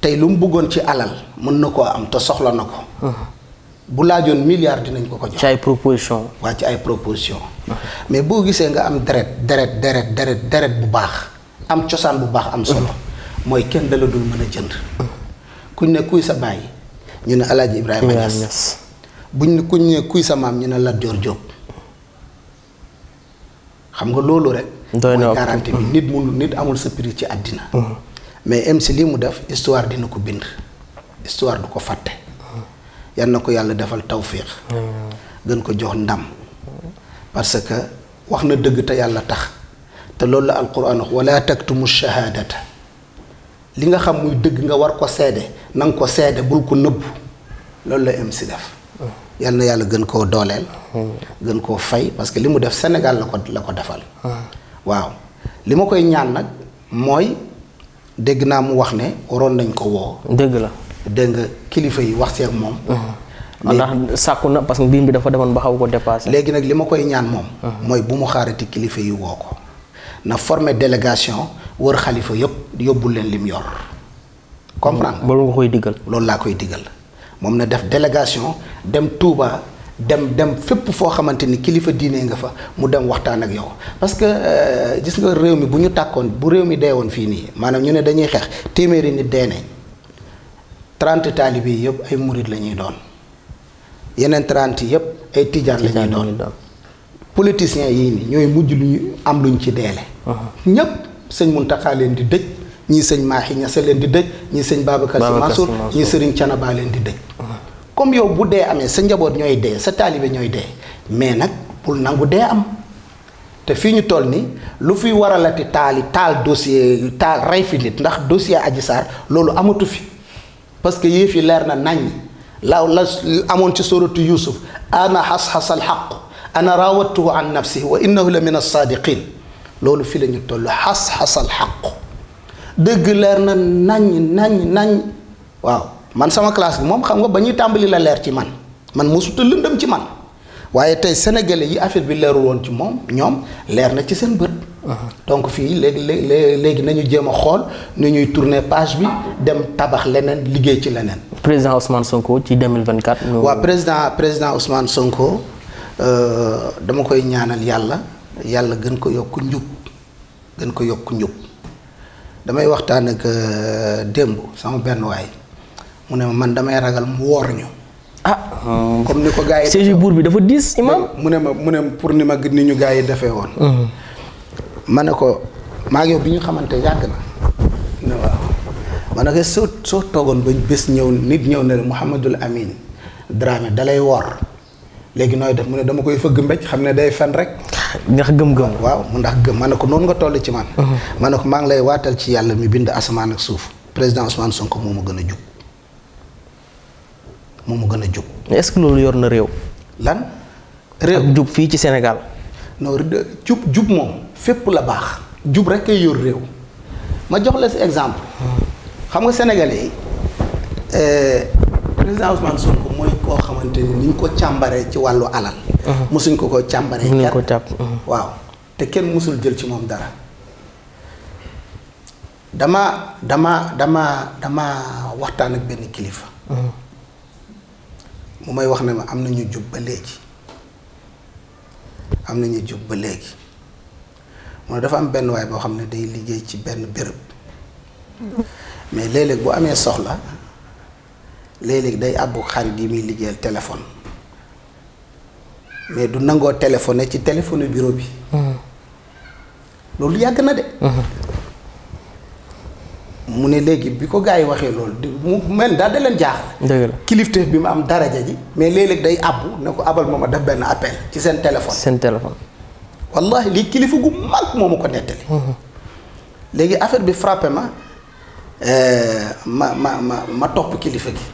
tey lu mu bëggoon ci alal mën na koo am te soxla na ko bu laajoon milliard dinañ ko ko jox. ci ay proposition waa ci ay proposition mais boo gisee nga am deret deret deret deret deret bu baax am cosaan bu baax am solo mooy kenn dala dul mën a jënd kuñ ne kuy sa bàyyi ñu ne alaaji Ibrahima Niass buñ ne kuñ ne kuy sa maam ñu ne Lat Dior jóob xam nga loolu rek mooy garanti bi mm. nit mu nit amul sa prix ci àddina mm. mais MC li mu def histoire dina ko bind histoire du ko fàtte yal na ko yàlla defal tawféex hmm. gën ko jox ndam parce que wax na dëgg te yàlla tax te loolu la alquran wax wala taktumu shahaadata li nga xam muy dëgg nga war ko seede na nga ko seede bul ko nëbb loolu la MC def hmm. yal yàlla gën koo dooleel hmm. gën koo fay parce que li mu def senegal la ko la ko defal waaw li ma koy ñaan nag mooy dégg naa mu wax ne waroon nañ ko woo dëgg la dégg nga kilifa yi wax seeg moom. ndax sàkku na parce que mbir bi dafa demoon ba xaw ko dépassé. léegi nag li ma koy ñaan moom. mooy bu mu xaarati kilifa yi woo ko na former délégation wër xalifa yëpp yóbbul leen lim yor. comprendre loolu nga koy diggal. loolu laa koy diggal moom na def délégation dem Touba dem dem fépp foo xamante ni kilifa diine nga fa mu dem waxtaan ak yow parce que euh, gis nga réew mi bu ñu tàkkoon bu réew mi dee woon fii nii maanaam ñu ne dañuy xeex téeméeri nit dee trente taalibe yi yëpp ay murit la ñuy doon yeneen trente yëpp ay tijaan la ñuy doon politiciens yii ni ñooy mujj lu ñu am luñ ci deele uh-huh. ñëpp sëñ Muntaxa leen di dëj ñii sëñ Maaxi Ñas leen di dëj ñii sëñ Babacar Si Mansour ñii sëriñ Canaba leen di dëj uh-huh. comme yow bu dee amee sa njaboot ñooy dee sa taalibe ñooy dee mais nag bul nangu dee am te fii ñu toll ni lu fi waralati taali taal dossier taal rey fi nit ndax dossier Adji Sarr loolu amatu fi parce que yëf yi leer na nañ law la amon ci suratu yusuf ana hashas xas alxaq ana raawattuhu an nafsihi wa innahu la min alsaadiqin loolu fi lañu tollu hashas xas-xas alxaq dëgg leer na nañ nañ nañ waaw man sama classe mom xam nga bañuy tàmbali la ler ci man man mosuta lëndëm ci man waye tay sénégalais yi affaire bi leerul won ci mom ñom leer na ci sen bët donc fii léegi léegi nañu jéem a xool nu ñuy tourner page bi dem tabax leneen liggéey ci leneen. président Ousmane Sonko ci 2024. waaw président président Ousmane Sonko euh, dama koy ñaanal yàlla yàlla gën ko yokk njub gën ko yokk njub damay waxtaan ak euh, démb sama benn waay mu ne man damay ragal mu woor ñu. ah. comme ni ko gars bi dafa diis imam mu ne ma pour ni ma ni ñu gars yi defee woon. Mm-hmm. ma ne ko maa ngi yow bi ñu xamante yàgg na waaw ma ne ko soo soo toogoon ba bés ñëw nit ñëw na la Mouhamadul Amin Dramé dalay wor léegi nooy def mu ne dama koy fëgg mbéj xam ne day fen rek. ndax gëm-gëm. waaw mu ndax gëm ma ne ko noonu nga toll ci man. Uh-huh. ma ne ko maa ngi lay waatal ci yàlla mi bind asamaan ak suuf président Ousmane Sonko moo ma gën a jub moo ma gën a jub. est-ce que loolu yor na réew. lan réew jub fii ci Sénégal. non jub jub moom fépp la baax jub rek kay yor réew ma jox la si exemple xam nga sénégalais yi eh, président Ousmane Sonko mooy koo xamante ni ni ñu ko càmbaree ci wàllu alal uh-huh. mosuñ ko ko càmbaree ko jàpp uh-huh. waaw te kenn mosul jël ci moom dara dama dama dama dama waxtaan ak benn kilifa uh-huh. mu may wax ne ma am na ñu jub ba léegi am na ñu jub ba léegi moom dafa am benn waay boo xam ne day liggéey ci benn béréb mais léeg-léeg bu amee soxla léeg-léeg day àbbu xarit yi muy liggéeyal téléphone mais du nangoo téléphoné ci téléphone bureau bi. Hmm. loolu yàgg na de. Hmm. mu ne léegi bi ko gars yi waxee loolu di mu mel daal da leen jaaxal. kilifteef bi ma am daraja ji. mais léeg day àbbu ne ko abal ma ma def benn appel ci seen téléphone. seen téléphone. wallahi lii kilifa gu mag moo ma ko nettali. Mhm. léegi affaire bi frappé ma euh, ma ma ma ma topp kilifa gi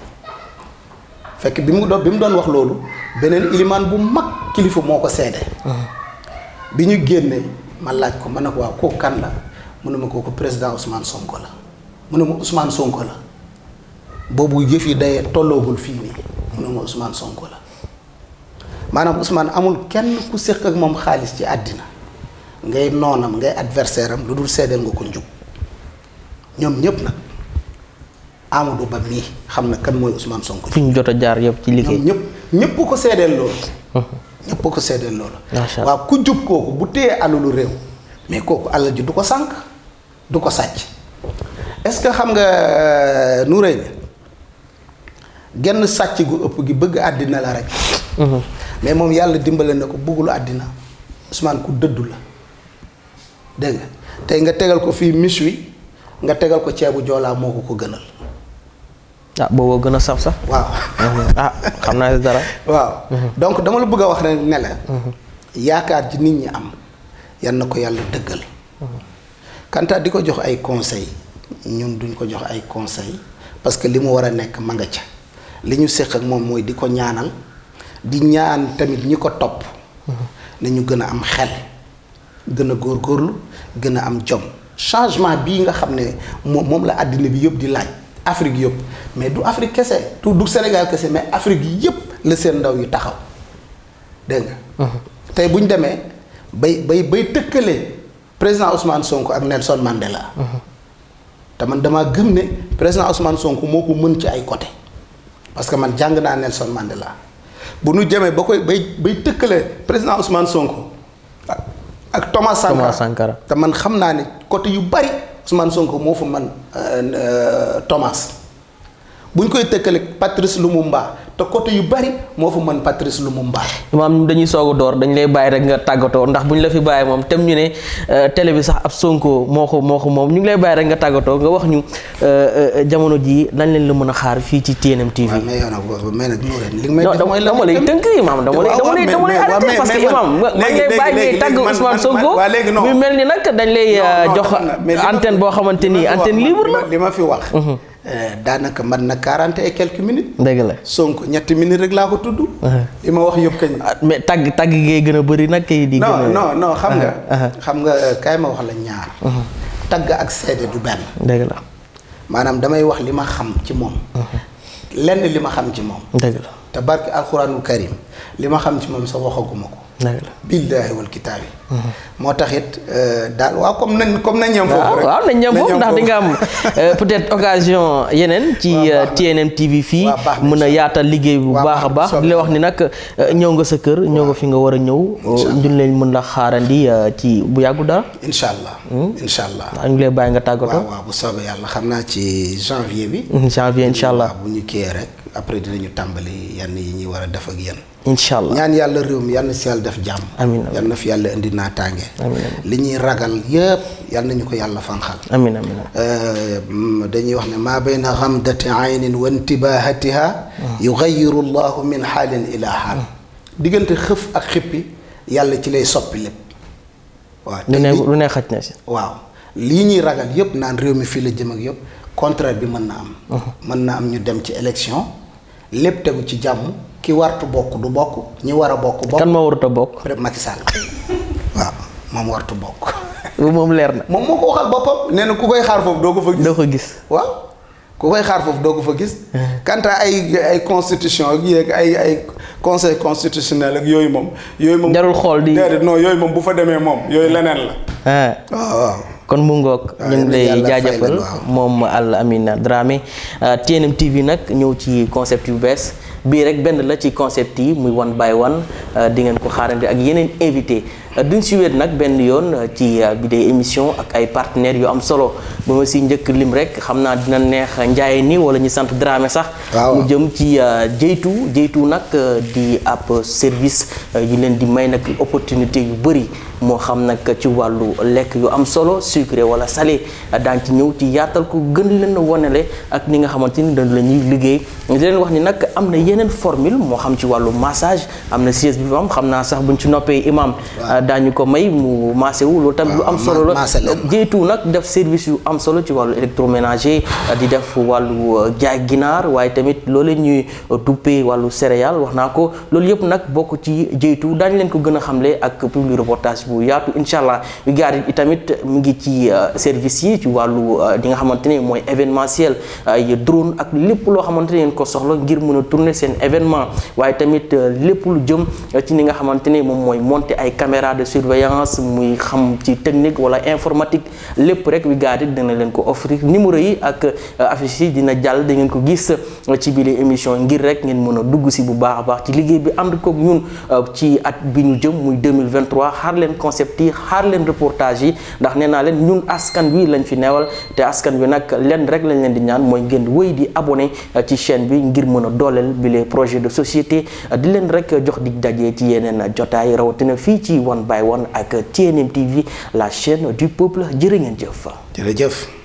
fekk bi mu doon bi mu doon wax loolu beneen ilimaan bu mag kilifa moo ko seede. Mhm. bi ñu génnee ma laaj ko mën ne ko waaw kooku kan la mu ne ma kooku président Ousmane Sonko la. mu ne ma Ousmane Sonko la boobu yëf yi day tolloogul fii nii mu ne ma Ousmane Sonko la maanaam Ousmane amul kenn ku séq ak moom xaalis ci àddina ngay noonam ngay adversaire am lu dul seedeel nga ko njub ñoom ñëpp nag Amadou Ba mii xam na kan mooy usmaan Sonko. fi ñu jot a jaar yëpp ci liggéey ñoom ñëpp ñëpp ko seedeel loolu. Uh-huh. ñëpp ko seedeel loolu. macha ku jub kooku bu téye alalu réew. mais kooku alal ji du ko sànq du ko sàcc. est ce que xam nga euh, nuuré bi genn sacc gu upp gi bëgg adina la rek mhm. mais mom yalla dimbalé nako bëggul adina Ousmane ku deudul la deug nga nga tegal ko fi miswi nga tegal ko ciébu jola moko ko gënal ah bo wo gëna saf sax waaw ah xamna dara waaw mhm. donc dama la bëgg wax ne ne mhm. ji nit ñi am yalla nako yalla deugal kanta diko ko jox ay conseils ñun duñ ko jox ay conseil parce que li mu war a nekk ma nga ca li ñu séq ak moom mooy di ko ñaanal di ñaan tamit ñi ko topp na ñu gën a am xel gën a góor góorgóorlu gën a am jom changement bi nga xam ne moom moom la àddina bi yëpp di laaj Afrique yëpp mais du Afrique kese du du Sénégal kese mais Afrique yëpp la seen ndaw yu taxaw dégg nga. Uh-huh. tey bu ñu demee bay bay bay tëkkale président Ousmane sonk ak Nelson Mandela. Uh-huh. te man damaa gëm ne président Ousmane Sonko moo ko mën ci ay côté parce que man jàng naa Nelson Mandela bu nu jamee ba koy bay bay tëkkale président Ousmane Sonko ak ak Thomas Sankara te man xam naa ne côté yu bari Ousmane Sonko moo fa man euh, euh, Thomas bu ñu koy tëkkale Patrice mbaa te côté yu bari moo fa mën Patrice Lumumba. maam dañuy soog door dañ lay bàyyi rek nga tàggatoo ndax bu ñu la fi bàyyi moom tem ñu ne euh, télé bi sax ab Sonko moo ko moo ko moom ñu ngi lay bàyyi rek nga tàggatoo nga wax ñu euh, euh, jamono jii lañ leen la mën a xaar fii ci TNM TV. waaw mais yow nag mais li may mooy dama lay tënk imaam dama lay dama lay dama lay arrêté parce mel ni nag dañ lay jox antenne boo xamante ni antenne libre la li ma fi wax. Mhm. Eh, daanaka man na quarante et quelques minutes. dëgg la Sonko ñetti minutes rek laa ko tudd. Uh-huh. li ma wax yëpp kañ. Ah, mais tàgg tàgg gee gën a bari nag. kay di gën a non non xam nga. Uh-huh, uh-huh. xam nga eh, kaay ma wax la ñaar. tagg ak seede du benn. dëgg la maanaam damay wax li ma xam ci moom. lenn li ma xam ci moom. dëgg la te barki alxuraanul karim li ma xam ci moom sa waxaguma ko. billahi wal kitabi moo taxit euh, daal waaw comme nañ comme nañ ñam foofu waaw nañ ñam foofu ndax di nga am euh, peut être occasion yeneen ci euh, tnm tv fii mën a yaatal liggéey bu baax a baax di la wax ni nag ñëw nga sa kër ñëw nga fi nga war a ñëw ñun leen mën la xaarandi ci bu yàggu dara incha allah hmm? ñu lay bàyyi nga tàggatoo waaw bu soobee yàlla xam ci janvier bi hmm, janvier Inshallah. allah bu ñu kiyee rek après dinañu tàmbali yenn yi ñuy war def ak yenn incha allah ñaan yàlla réew mi yal na si yàlla def jàmm. amiin yal na fi yàlla indi naataange. li ñuy ragal yëpp yal nañu ko yàlla fanqal. amiin amiin dañuy wax ne maa bayna xamdati aynin wa intibahatiha yugayiru llahu min xaalin ila xaal. diggante xëf ak xippi yàlla ci lay soppi lépp. waaw lu ne lu ne xaj na si. waaw lii ñuy ragal yëpp naan réew mi fii la jëm ak yëpp contraire bi mën na am. mën na am ñu dem ci élection lépp tegu ci jàmm. ki wartu bokk du bokk ñi war a bokk bokk kan ma warut a bokk président Macky Sall waaw moom wartu bokk moom leer na moom moo ko waxal boppam nee na ku koy xaar foofu doo ko fa gis doo gis waaw ku koy xaar foofu doo ko fa gis quant ay ay constitution ak yéeg ay ay conseil constitutionnel ak yooyu moom yooyu moom jarul xool di déedéet yooyu moom bu fa demee moom yooyu leneen la waaw kon mu ngoog ah, ñu ngi lay jaajëfal moom Al Amine Dramé ah, TNM TV nag ñëw ci concept yu bees bii rek benn la ci concept yi muy one by one ah, di ngeen ko xaarandi ak yeneen invité duñ si wéet nag benn yoon euh, ci euh, bi dee émission ak ay partenaires yu am solo ba ma si njëkk lim rek xam naa dina neex njaaye ni wala ñu sant Dramé sax mu jëm ci euh, jeytu jeytu nag di ab service yu leen di may nag opportunité yu bëri moo xam nag ci wàllu lekk yu am solo sucré wala salé daan ci ñëw ci yaatal ko gën leen a wanale ak ni nga xamante ni dañ la ñuy liggéey leen wax ni nag am na yeneen formule moo xam ci wàllu massage am na chaise bi am xam naa sax buñ ci noppee imam daañu ko may mu maase wu loolu tamit lu ah, am solo la jeytu nag def service yu am solo ci wàllu électroménager ah. di def wàllu euh, jaay ginaar waaye tamit loolu ñu duppee euh, wàllu céréales wax naa ko loolu yëpp nag bokk ci jeytu daañu leen ko gën a xamle ak public reportage bu yaatu incha allah yu tamit mu ngi ci euh, service yi ci wàllu di nga xamante ne mooy événementiel ay drone ak lépp loo xamante ne ko soxla ngir mën a seen événement lu jëm ci ni nga xamante moom mooy monter ay caméra caméra de surveillance muy xam ci technique wala informatique lepp rek wi gaadi dina leen ko offrir numéro yi ak euh, affiche yi dina jall da ngeen ko giss euh, ci biir émission ngir rek ngeen mëna dugg si bu baax baax ci liguey bi and ko ñun euh, ci at bi ñu jëm muy 2023 xaar leen concept yi xaar leen reportage yi ndax neena naa leen ñun askan wi lañ fi newal te askan wi nak leen rek lañ leen di ñaan moy ngeen wëy di abonné ci chaîne bi ngir mëna dolel bi les projets de société di leen rek jox dig dajé ci yenen jotay rawatina fi ci wan by one ak TNM TV la chaîne du peuple jërë Jeff. jëf.